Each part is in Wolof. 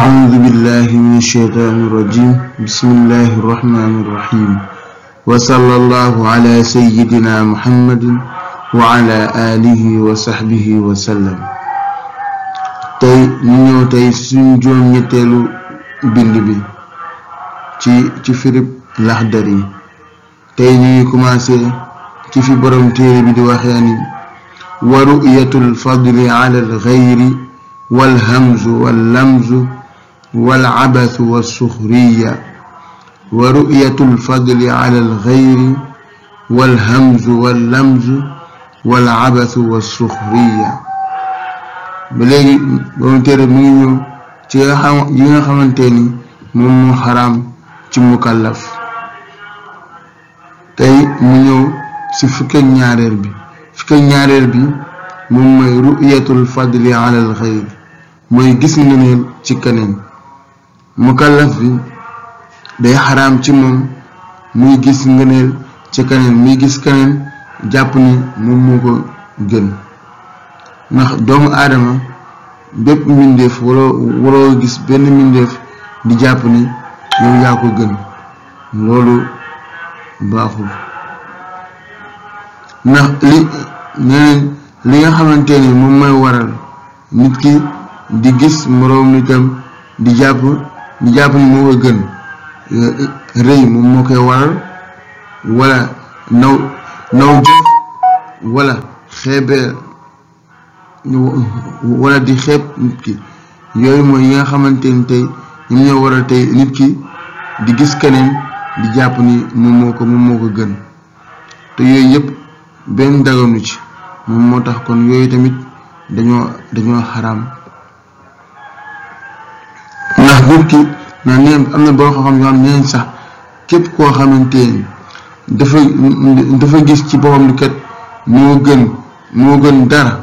أعوذ بالله من الشيطان الرجيم بسم الله الرحمن الرحيم وصلى الله على سيدنا محمد وعلى آله وصحبه وسلم tey ñu ñëw tey suñu juróom ñetteelu bind bi ci ci firib laxdar yi tey ñu ngi commencé ci fi borom téere bi di waxee ni wa ru'yatul fadli ala al ghayri wal hamzu wal lamzu والعبث والسخرية ورؤية الفضل على الغير والهمز واللمز والعبث والسخرية ba léegi borom téere mi ngi ñëw ci nga xamante ni moom mu xaraam ci mukallaf tey mu ñëw ci fukk ak ñaareel bi fukk ak ñaareel bi moom mooy ru'yatul mooy gis ngëneel ci keneen mukallaf bi day xaraam ci moom muy gis ngëneel ci keneen muy gis keneen jàpp ni moom moo ko gën ndax doomu aadama bépp mbindeef waroo waroo gis benn mbindeef di jàpp ni yow yaa ko gën loolu baaxul ndax li neneen li nga xamante ni moom mooy waral nit ki di gis moroom di jàpp ñu jàpp ni moo gën euh, rëy moom moo koy waral wala naw naw jëf wala xeebee wala di xeeb nit ki yooyu mooy yi nga xamante ni tey ñoom ñoo waral tey nit ki di gis keneen di jàpp ni moom moo ko moom moo ko gën te yooyu yëpp benn daganu ci moom moo tax kon yooyu tamit dañoo dañoo xaraam jur ki na am na boo xam yoon neen sax képp koo xamante dafa dafa gis ci boppam ni kat moo gën moo gën dara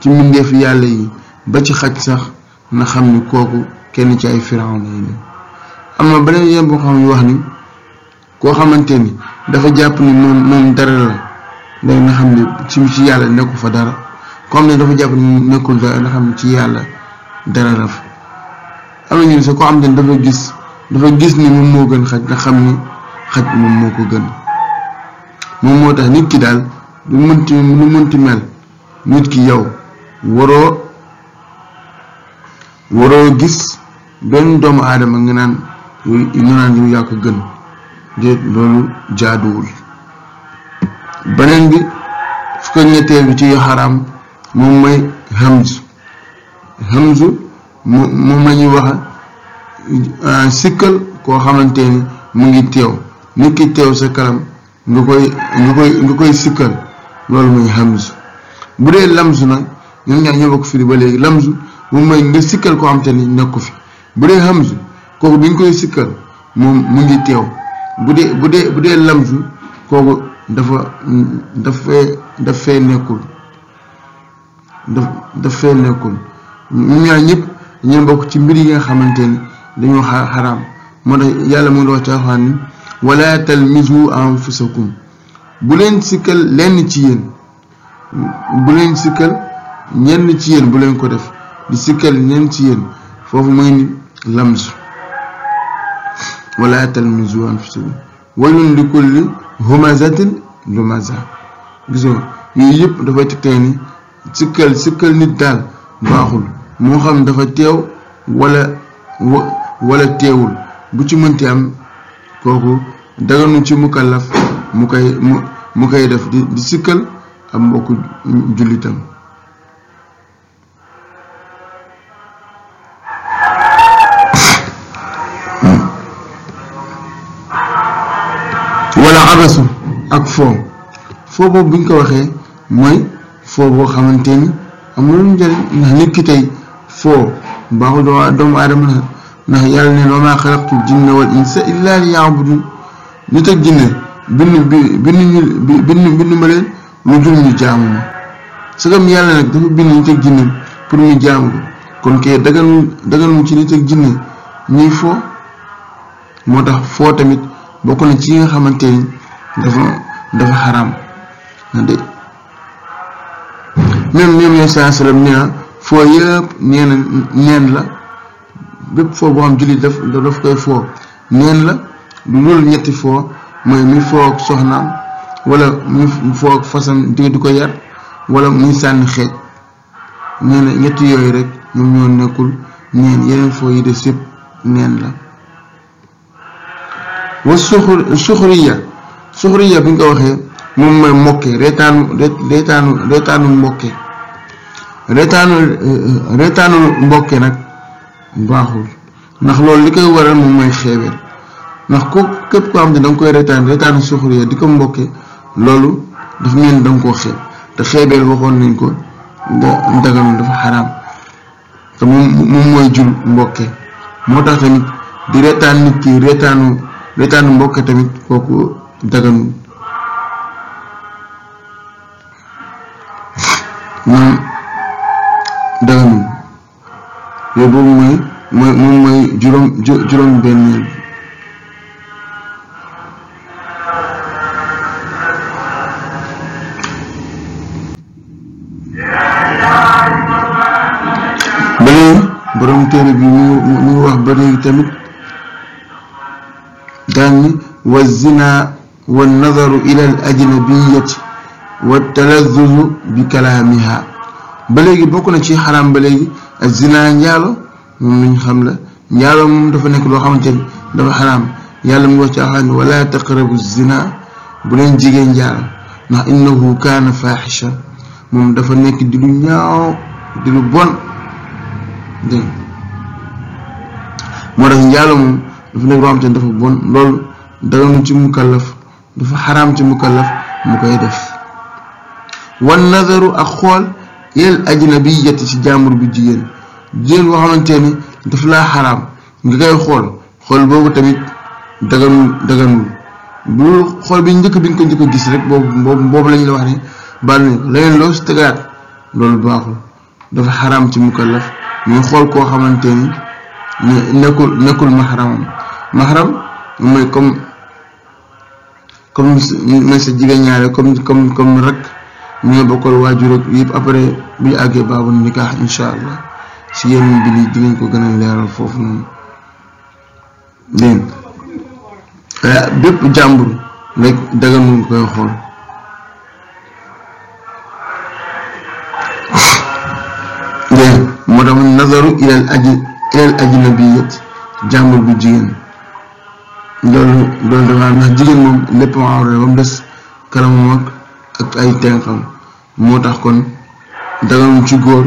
ci mbindeef yàlla yi ba ci xaj sax na xam ni kooku kenn ci ay firaw na yi am na beneen yoon boo xam ne wax ni koo xamante ni dafa jàpp ni moom moom dara la léegi na xam ne ci yàlla nekku fa dara comme ne dafa jàpp ni nekkul dara na xam ne ci yàlla dara la fa am na ñu ne sax ko am te dafa gis dafa gis ni moom moo gën xaj nga xam ni xaj moom moo ko gën moom moo tax nit ki daal lu mënti lu mënti mel nit ki yow waroo waroo gis doomu aadama nga naan nga naan yow yaa gën déet loolu jaaduwul beneen bi fukk ñetteel bi ci yu xaraam moom mooy hamz hamzu mu moom la ñuy wax euh, sikkal koo xamante ni mu ngi teew nit ki teew sa kanam nga koy nga koy nga koy sikkal loolu muy hamzu bu dee lamzu nag ñun ñaar ñoo bokk firi ba léegi lamzu moom mooy nga sikkal koo xamante ni nekku fi bu dee hamzu kooku bi nga koy sikkal moom mu ngi teew bu dee bu dee bu dee lamzu kooku dafa dafee dafee nekkul daf dafee ñaar ñëpp. dañoo bokk ci mbir yi nga xamante ni dañoo xaraam moo tax yàlla mu ngi wax ci alxuraan ni wala talmizu anfusakum bu leen sikkal lenn ci yéen bu leen sikkal ñenn ci yéen bu leen ko def di sikkal ñenn ci yéen foofu mooy ni lamz wala talmizu anfusakum waylun li kulli humazatin lumaza gisoo yooyu yëpp dafay tegtee ni sikkal sikkal nit daal baaxul moo xam dafa teew wala walla teewul bu ci mënti am kooku daganu ci mukallaf mu koy mu mu koy def di di sikkal am mbokku jullitam wala abasu ak foo foo boobu buñ ko waxee mooy foo boo xamante ni amul njëriñ ndax nit ki tey foo baaxul doomu aadama la ndax yàlla ne wa maa xalaqtul jinna wal insa illa liya'budun nit ak jinne bind bi bind ñu bind bind ma leen lu dul ñu jaamu ma sagam yàlla nag dafa bind nit ak jinne pour ñu jaamu kon kay dagal dagal mu ci nit ak jinne ñuy foo moo tax foo tamit bokk na ci nga xamante ni dafa dafa xaraam même ñoom ñooy saa salaam nee na ah foo yëpp neen la bépp foo boo xam jullit daf daf koy foo neen la loolu ñetti foo mooy muy foo ak soxnaam wala muy foo ak fasan di ko yar wala muy sànni xeej nee na ñetti yooyu rek ñoom ñoo nekkul neen yeneen foo yi des yëpp neen la wa suxur suxuriya bi nga ko waxee moom mooy mokke reetaanu reetaanu reetaanu reetaanu reetaanu mbokke nag baaxul ndax loolu li koy waral moom mooy xeebeel ndax ku képp ko xam ne da nga koy reetaan reetaanu suxuriya di ko mbokke loolu dafa mel ni da nga koo xeeb te xeebeel waxoon nañ ko da daganul dafa xaraam te moom moom mooy jur mbokke moo tax tamit di reetaan nit ki reetaanu reetaanu mbokke tamit kooku daganul yooyu boobu téere bi mu wax ba tamit daan wa zina wa nazaru ila ajnabiyati wa talazuzu bi kalaamiha ba léegi bokk na ci xaraam ba léegi ak zina njaalo moom lañu xam la njaalo moom dafa nekk loo xamante dafa xaraam yàlla mu wax ci alxuraan wala taqrabu zina bu leen jigéen njaalo ndax innahu kaana faaxisha moom dafa nekk di lu bon moo tax njaalo moom dafa nekk dafa bon loolu daganu ci mukallaf dafa xaraam ci mukallaf mu koy def wan nazaru ak xool yéen bi yetti ci jàmbur bu jigéen jigéen boo xamante ni daf laa xaraam nga koy xool xool boobu tamit daganul daganul bu xool bi njëkk bi nga ko njëkk gis rek boobu boobu boobu lañu la wax ne baal nañ ko loo si tegaat loolu baaxul dafa xaram ci mukallaf muy xool koo xamante ni nekkul nekkul maxaramam maxaram mooy comme comme mooy sa jigéen ñaare comme comme comme rak ñoo bokkal waajur ak yëpp après bu ñu àggee baabu nikaax incha allah si yeneen bi li dinañ ko gën a leeral foofu noonu dégg eh, bépp jàmbur rek daganul nga koy xool moo tax nazaru ilal aji ilal ajnabiyat jàmbur bu jigéen loolu loolu dafa ndax jigéen moom lépp awra ak ay tenqam moo tax kon daganul ci góor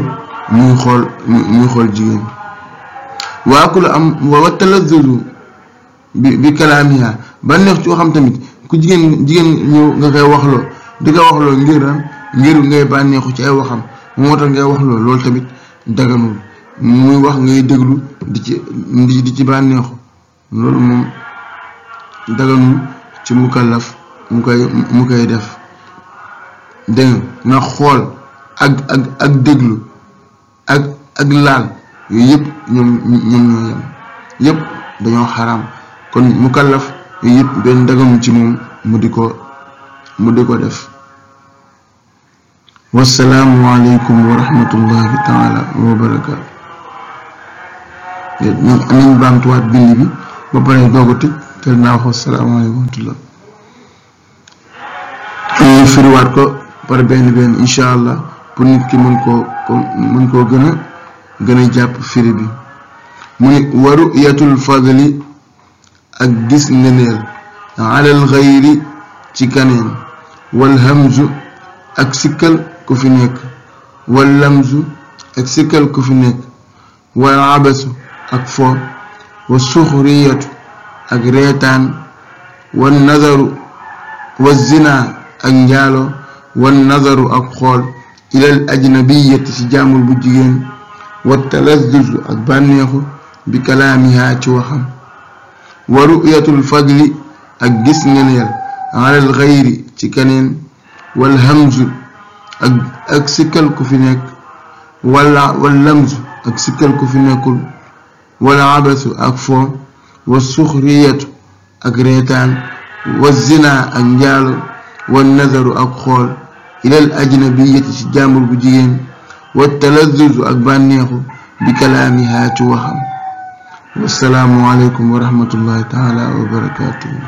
muy xool muy xool jigéen waa ku la am wa talazzuz bi bi kalaamiha ba neex ci waxam tamit ku jigéen jigéen ñëw nga koy waxloo di ko waxloo ngir ngir ngay bànneexu ci ay waxam moo tax ngay waxloo loolu tamit daganul muy wax ngay déglu di ci di ci bànneexu loolu moom daganul ci mukallaf mu koy mu koy def dégg nga xool ak ak déglu ak ak laal yooyu yëpp ñoom ñoom ñoo yem yëpp dañoo xaraam kon mukallaf yooyu yëpp benn dagamu ci moom mu di ko mu di ko def wasalaamu aleykum wa rahmatullahi taala wa barakaatu bind bi ba pare doog a tëj te naa wax wasalaamu aleykum wa firiwaat ko par benn benn incha allah pour nit ki mën koo mën gën a gën a jàpp firi bi mu ni waru yatul fadli ak gis ngeneel alal xayri ci kaneen wal hamzu ak sikkal ku fi nekk wal lamzu ak sikkal ku fi nekk wal abasu ak fo wa suxriyatu ak reetaan wa nazaru wa zina ak njaalo wan nazaru ak xool ilal ajnabiyati ci jaamul bu jigéen wa talazuzu ak bànneexu bi kalaamiha ci waxam wa ru'yatul fadli ak gis ngeneel alal xayri ci keneen wal hamzu ak ak sikkal ku fi nekk wala wal lamzu ak sikkal ku fi nekkul wala abasu ak fo wa suxriyatu ak reetaan wa zina ak njaalo wa nazaru ak xool ilal ajnabiyati ci jàmbur bu jigéen wa talazzuz ak bànneexu bi kalaamihaa ci waxam wassalaamu aleykum wa rahmatullahi taala wa barakaatuhu